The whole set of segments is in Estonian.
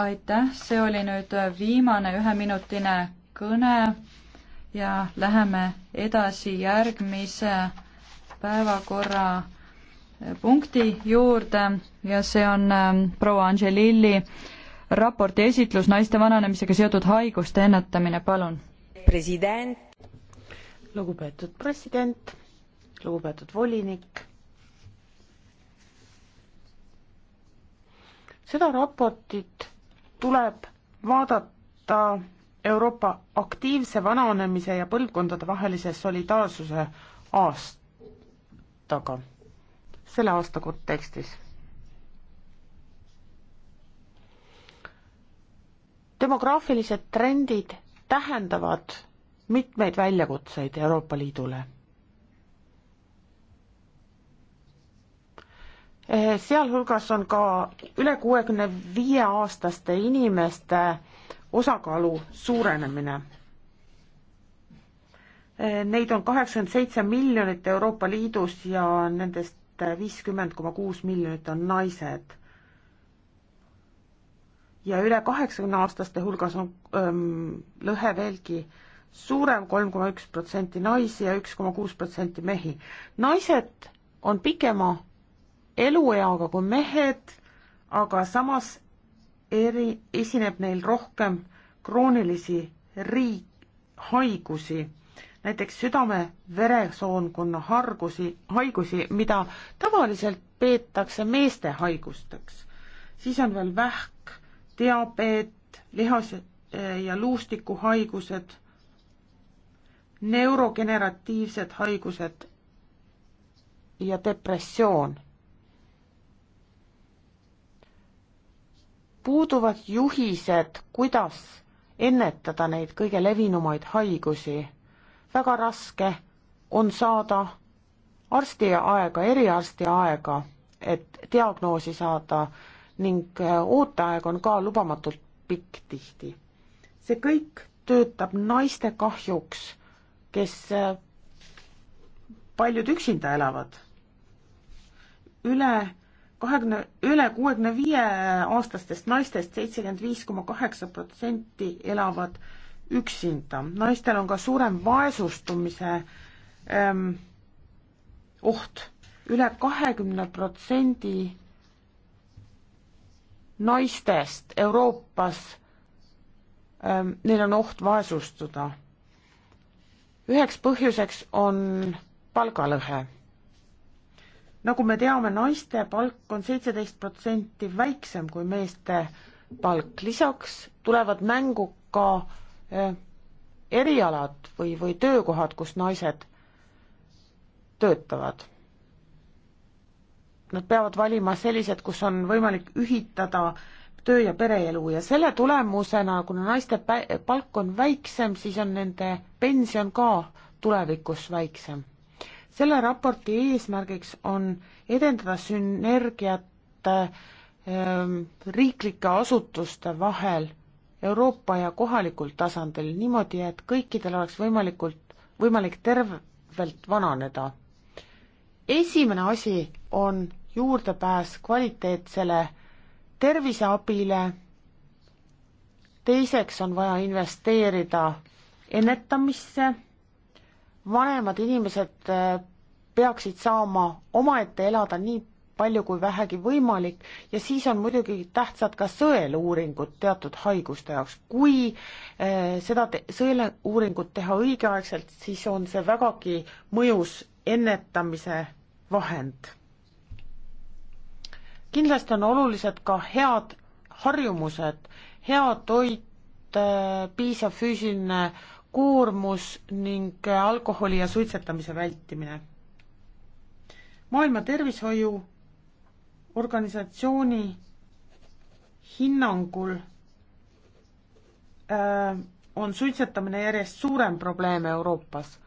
aitäh, see oli nüüd viimane üheminutine kõne ja läheme edasi järgmise päevakorrapunkti juurde ja see on ähm, proua Angelilli raporti esitlus naiste vananemisega seotud haiguste ennetamine, palun. president. lugupeetud president, lugupeetud volinik seda raportit tuleb vaadata Euroopa aktiivse vananemise ja põlvkondade vahelise solidaarsuse aastaga, selle aasta kontekstis. demograafilised trendid tähendavad mitmeid väljakutseid Euroopa Liidule sealhulgas on ka üle kuuekümne viie aastaste inimeste osakaalu suurenemine. Neid on kaheksakümmend seitse miljonit Euroopa Liidus ja nendest viiskümmend koma kuus miljonit on naised. ja üle kaheksakümne aastaste hulgas on öm, lõhe veelgi suurem, kolm koma üks protsenti naisi ja üks koma kuus protsenti mehi. naised on pikema elueaga kui mehed, aga samas eri, esineb neil rohkem kroonilisi riik, haigusi, näiteks südame-veresoonkonna hargusi, haigusi, mida tavaliselt peetakse meeste haigusteks. siis on veel vähk, diabeet, lihas- ja luustikuhaigused, neurogeneratiivsed haigused ja depressioon puuduvad juhised, kuidas ennetada neid kõige levinumaid haigusi. väga raske on saada arsti aega, eriarsti aega, et diagnoosi saada ning äh, ooteaeg on ka lubamatult pikk tihti. see kõik töötab naiste kahjuks, kes äh, paljud üksinda elavad. üle kahekümne, üle kuuekümne viie aastastest naistest seitsekümmend viis koma kaheksa protsenti elavad üksinda. naistel on ka suurem vaesustumise ähm, oht üle. üle kahekümne protsendi naistest Euroopas ähm,, neil on oht vaesustuda. üheks põhjuseks on palgalõhe nagu me teame, naiste palk on seitseteist protsenti väiksem kui meeste palk, lisaks tulevad mängu ka eh, erialad või, või töökohad, kus naised töötavad. Nad peavad valima sellised, kus on võimalik ühitada töö- ja pereelu ja selle tulemusena, kuna naiste palk on väiksem, siis on nende pension ka tulevikus väiksem selle raporti eesmärgiks on edendada sünergiat ähm, riiklike asutuste vahel Euroopa ja kohalikul tasandil niimoodi, et kõikidel oleks võimalikult, võimalik tervelt vananeda. esimene asi on juurdepääs kvaliteetsele terviseabile, teiseks on vaja investeerida ennetamisse vanemad inimesed äh, peaksid saama omaette elada nii palju kui vähegi võimalik ja siis on muidugi tähtsad ka sõeluuringud teatud haiguste jaoks. kui äh, seda te sõeluuringut teha õigeaegselt, siis on see vägagi mõjus ennetamise vahend. kindlasti on olulised ka head harjumused, hea toit äh,, piisav füüsiline koormus ning alkoholi ja suitsetamise vältimine. maailma Tervishoiu Organisatsiooni hinnangul äh, on suitsetamine järjest suurem probleem Euroopas.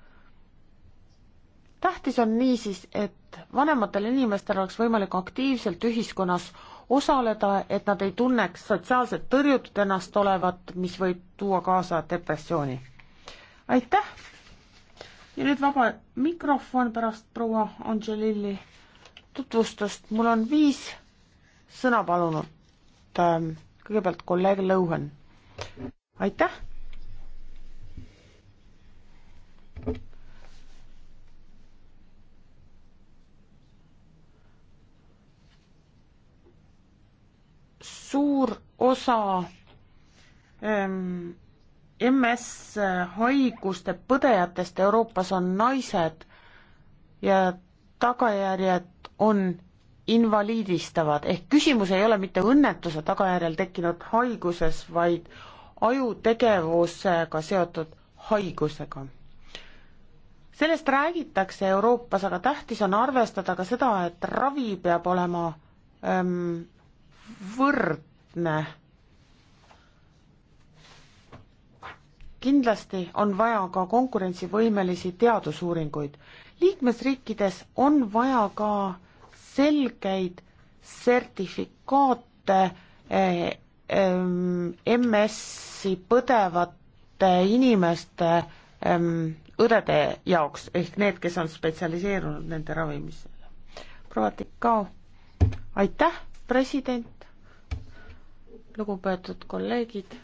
tähtis on niisiis, et vanematel inimestel oleks võimalik aktiivselt ühiskonnas osaleda, et nad ei tunneks sotsiaalselt tõrjutud ennast olevat, mis võib tuua kaasa depressiooni aitäh! ja nüüd vaba mikrofon pärast proua Angelilli tutvustust. mul on viis sõna palunud. Ähm, kõigepealt kolleeg Lõuhen. aitäh! suur osa ähm, MS-haiguste põdejatest Euroopas on naised ja tagajärjed on invaliidistavad, ehk küsimus ei ole mitte õnnetuse tagajärjel tekkinud haiguses, vaid ajutegevusega seotud haigusega. sellest räägitakse Euroopas, aga tähtis on arvestada ka seda, et ravi peab olema ähm, võrdne kindlasti on vaja ka konkurentsivõimelisi teadusuuringuid. liikmesriikides on vaja ka selgeid sertifikaate eh, eh, MS-i põdevate inimeste eh, õdede jaoks, ehk need, kes on spetsialiseerunud nende ravimisele. proua Tikao, aitäh, president, lugupeetud kolleegid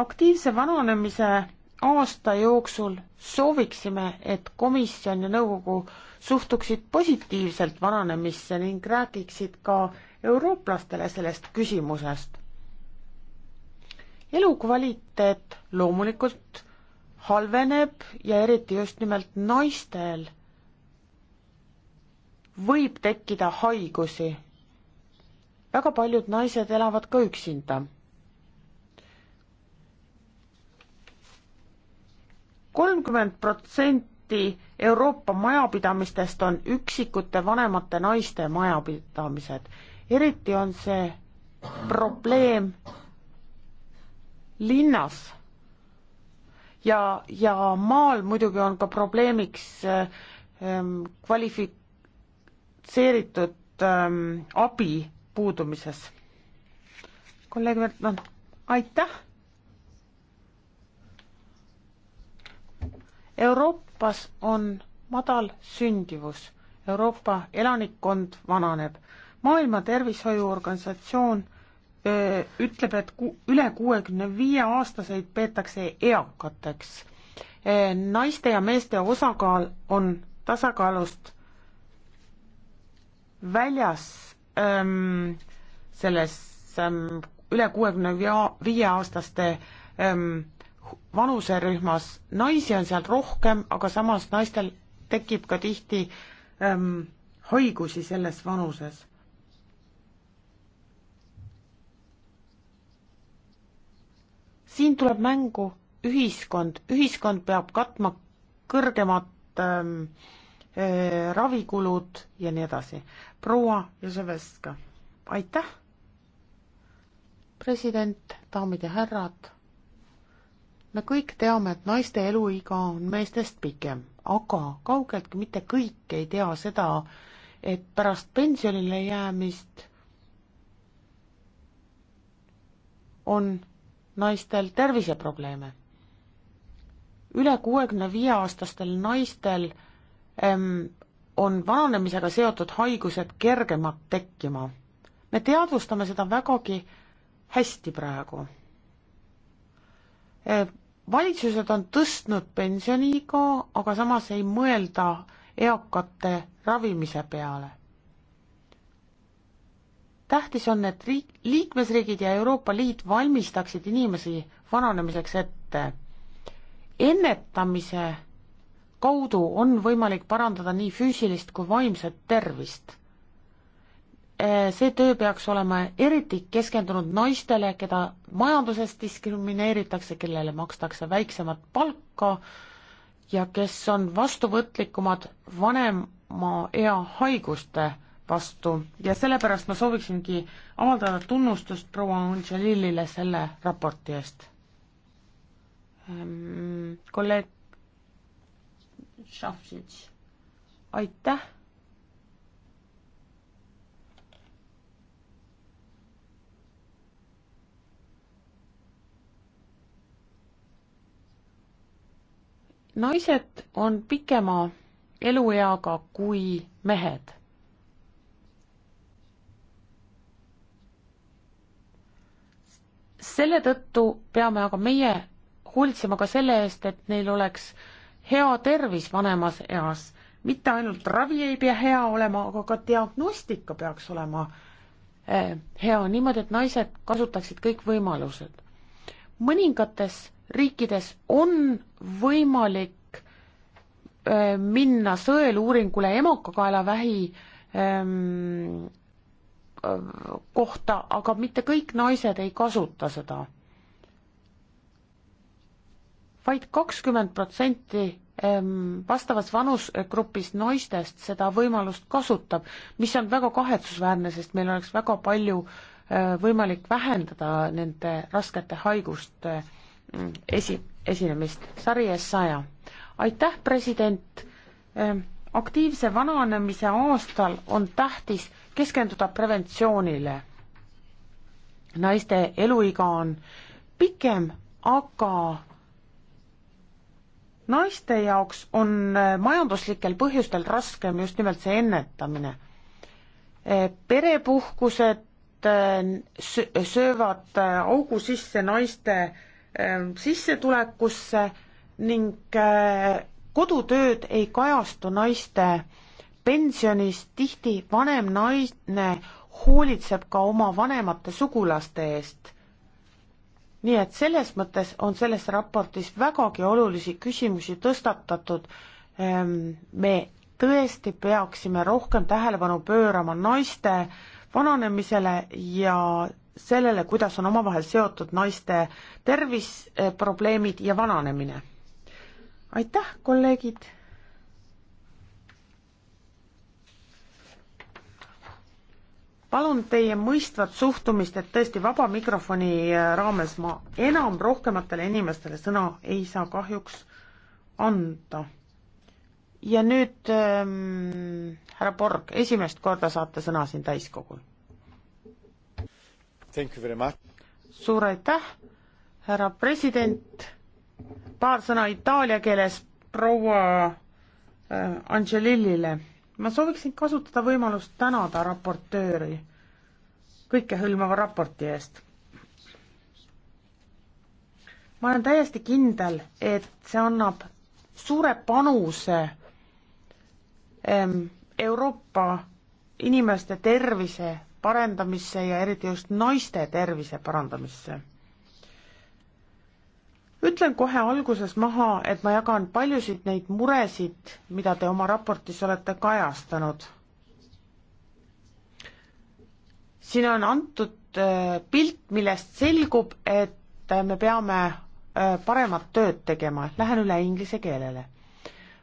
aktiivse vananemise aasta jooksul sooviksime, et komisjon ja nõukogu suhtuksid positiivselt vananemisse ning räägiksid ka eurooplastele sellest küsimusest. elukvaliteet loomulikult halveneb ja eriti just nimelt naistel võib tekkida haigusi. väga paljud naised elavad ka üksinda kolmkümmend protsenti Euroopa majapidamistest on üksikute vanemate naiste majapidamised. eriti on see probleem linnas. ja, ja maal muidugi on ka probleemiks ähm, kvalifitseeritud ähm, abi puudumises. kolleeg Vert-, noh, aitäh! Euroopas on madal sündivus, Euroopa elanikkond vananeb. maailma Tervishoiuorganisatsioon öö, ütleb, et ku-, üle kuuekümne viie aastaseid peetakse eakateks e,. naiste ja meeste osakaal on tasakaalust väljas ähm, selles ähm, üle kuuekümne viie aastaste ähm, vanuserühmas, naisi on seal rohkem, aga samas naistel tekib ka tihti ähm, haigusi selles vanuses. siin tuleb mängu ühiskond, ühiskond peab katma kõrgemad ähm, äh, ravikulud ja nii edasi. proua Joseveska, aitäh! president, daamid ja härrad me kõik teame, et naiste eluiga on meestest pikem, aga kaugeltki mitte kõik ei tea seda, et pärast pensionile jäämist on naistel terviseprobleeme. üle kuuekümne viie aastastel naistel ähm, on vananemisega seotud haigused kergemad tekkima. me teadvustame seda vägagi hästi praegu valitsused on tõstnud pensioniiga, aga samas ei mõelda eakate ravimise peale. tähtis on, et riik, liikmesriigid ja Euroopa Liit valmistaksid inimesi vananemiseks ette. ennetamise kaudu on võimalik parandada nii füüsilist kui vaimset tervist Eh, see töö peaks olema eriti keskendunud naistele, keda majanduses diskrimineeritakse, kellele makstakse väiksemat palka ja kes on vastuvõtlikumad vanema ea haiguste vastu ja sellepärast ma sooviksingi avaldada tunnustust proua Angelilile selle raporti eest. Ehm, kolleeg Šafšitš, aitäh naised on pikema elueaga kui mehed. selle tõttu peame aga meie hoolitsema ka selle eest, et neil oleks hea tervis vanemas eas. mitte ainult ravi ei pea hea olema, aga ka diagnostika peaks olema eh, hea, niimoodi, et naised kasutaksid kõik võimalused. mõningates riikides on võimalik minna sõeluuringule emakakaelavähi ähm, kohta, aga mitte kõik naised ei kasuta seda vaid. vaid kakskümmend protsenti vastavas vanusgrupis naistest seda võimalust kasutab, mis on väga kahetsusväärne, sest meil oleks väga palju võimalik vähendada nende raskete haiguste äh, Mm. esi, esinemist. sari Essaja. aitäh, president! Ehm, aktiivse vananemise aastal on tähtis keskenduda preventsioonile. naiste eluiga on pikem, aga naiste jaoks on eh, majanduslikel põhjustel raskem just nimelt see ennetamine. Eh, perepuhkused eh, söövad augu sisse naiste Ähm, sissetulekusse ning äh, kodutööd ei kajastu naiste pensionis, tihti vanem naine hoolitseb ka oma vanemate sugulaste eest. nii et selles mõttes on selles raportis vägagi olulisi küsimusi tõstatatud. Ähm, me tõesti peaksime rohkem tähelepanu pöörama naiste vananemisele ja sellele, kuidas on omavahel seotud naiste terviseprobleemid eh, ja vananemine. aitäh, kolleegid! palun teie mõistvat suhtumist, et tõesti vaba mikrofoni eh, raames ma enam rohkematele inimestele sõna ei saa kahjuks anda. ja nüüd ähm, härra Borg, esimest korda saate sõna siin täiskogul suur aitäh, härra president, paar sõna itaalia keeles proua äh, Angelillile. ma sooviksin kasutada võimalust tänada raportööri kõikehõlmava raporti eest. ma olen täiesti kindel, et see annab suure panuse ähm, Euroopa inimeste tervise parendamisse ja eriti just naiste tervise parandamisse. ütlen kohe alguses maha, et ma jagan paljusid neid muresid, mida te oma raportis olete kajastanud. siin on antud äh, pilt, millest selgub, et äh, me peame äh, paremat tööd tegema, lähen üle inglise keelele.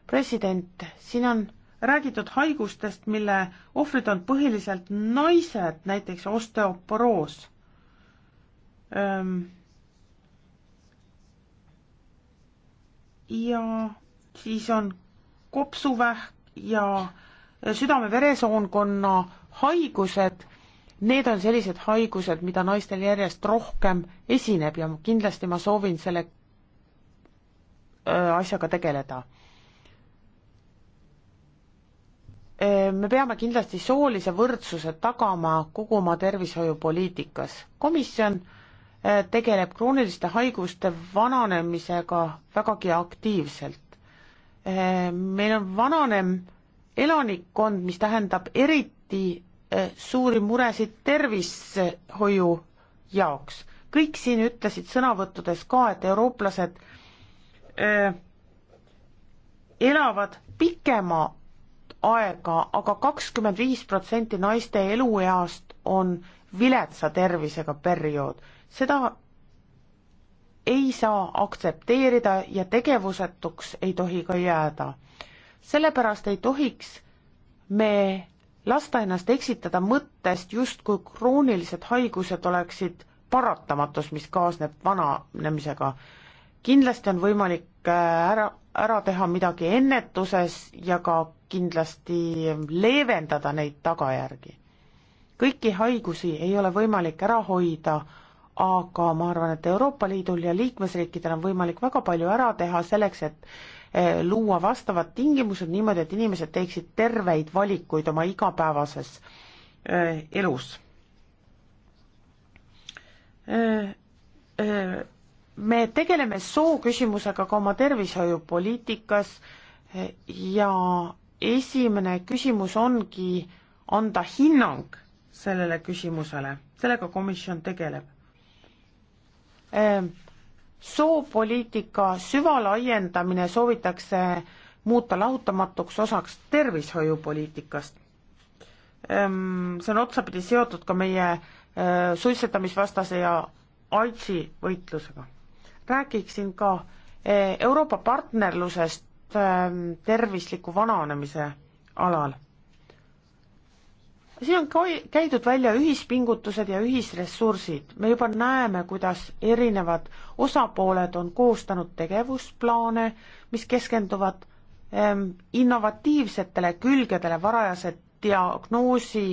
president, siin on räägitud haigustest, mille ohvrid on põhiliselt naised, näiteks osteoporoos ähm.. ja siis on kopsuvähk ja südame-veresoonkonna haigused, need on sellised haigused, mida naistel järjest rohkem esineb ja kindlasti ma soovin selle äh, asjaga tegeleda Ehm, me peame kindlasti soolise võrdsuse tagama kogu oma tervishoiupoliitikas. komisjon eh, tegeleb krooniliste haiguste vananemisega vägagi aktiivselt. Ehm, meil on vananem elanikkond, mis tähendab eriti eh, suuri muresid tervishoiu jaoks. kõik siin ütlesid sõnavõttudes ka, et eurooplased eh, elavad pikema aega aga, aga kakskümmend viis protsenti naiste elueast on viletsa tervisega periood. seda ei saa aktsepteerida ja tegevusetuks ei tohi ka jääda. sellepärast ei tohiks me lasta ennast eksitada mõttest, justkui kroonilised haigused oleksid paratamatus, mis kaasneb vananemisega. kindlasti on võimalik äh, ära ära teha midagi ennetuses ja ka kindlasti leevendada neid tagajärgi. kõiki haigusi ei ole võimalik ära hoida, aga ma arvan, et Euroopa Liidul ja liikmesriikidel on võimalik väga palju ära teha selleks, et eh, luua vastavad tingimused niimoodi, et inimesed teeksid terveid valikuid oma igapäevases eh, elus eh, me tegeleme sooküsimusega ka oma tervishoiupoliitikas ja esimene küsimus ongi anda hinnang sellele küsimusele, sellega komisjon tegeleb. Ehm, soopoliitika süvalaiendamine soovitakse muuta lahutamatuks osaks tervishoiupoliitikast. Ehm, see on otsapidi seotud ka meie ehm, suitsetamisvastase ja AIDSi võitlusega räägiksin ka eh, Euroopa partnerlusest ehm, tervisliku vananemise alal. siin on käidud välja ühispingutused ja ühisressursid, me juba näeme, kuidas erinevad osapooled on koostanud tegevusplaane, mis keskenduvad ehm, innovatiivsetele külgedele varajase diagnoosi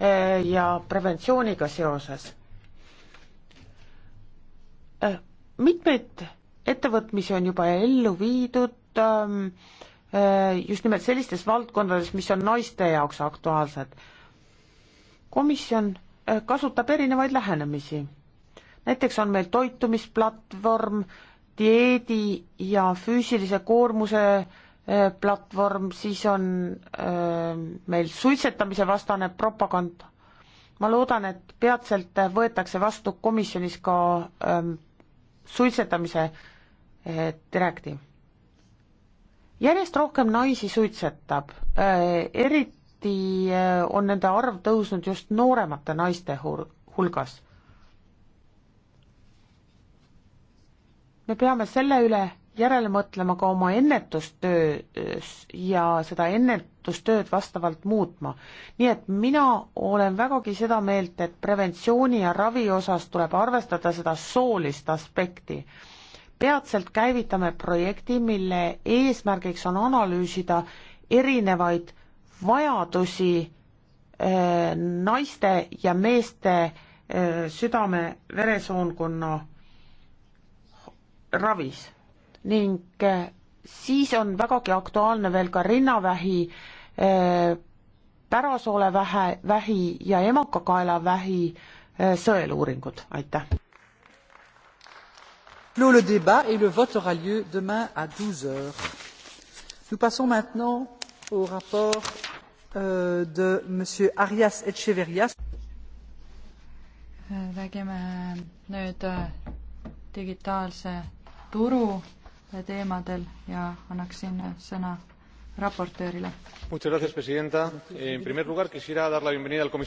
eh, ja preventsiooniga seoses eh, mitmeid ettevõtmisi on juba ellu viidud ähm, äh, just nimelt sellistes valdkondades, mis on naiste jaoks aktuaalsed. komisjon äh, kasutab erinevaid lähenemisi. näiteks on meil toitumisplatvorm, dieedi ja füüsilise koormuse äh, platvorm, siis on meil suitsetamise vastane propaganda. ma loodan, et peatselt võetakse vastu komisjonis ka ähm, suitsetamise eh, direktiiv. järjest rohkem naisi suitsetab, eh, eriti eh, on nende arv tõusnud just nooremate naiste hulgas. me peame selle üle järele mõtlema ka oma ennetustöös ja seda ennetustööd vastavalt muutma. nii et mina olen vägagi seda meelt, et preventsiooni ja ravi osas tuleb arvestada seda soolist aspekti. peatselt käivitame projekti, mille eesmärgiks on analüüsida erinevaid vajadusi eh, naiste ja meeste eh, südame-veresoonkonna ravis ning äh, siis on vägagi aktuaalne veel ka rinnavähi, äh, pärasoolevähe, vähi ja emakakaelavähi äh, sõeluuringud, aitäh. Clos le débat et le vote aura lieu demain à 12 heures. Nous passons maintenant au rapport euh, de M. Arias Echeverria. räägime nüüd digitaalse turu teemadel ja annaksin sõna raportöörile. Muchas gracias, presidenta. En primer lugar, quisiera dar la bienvenida al comisario.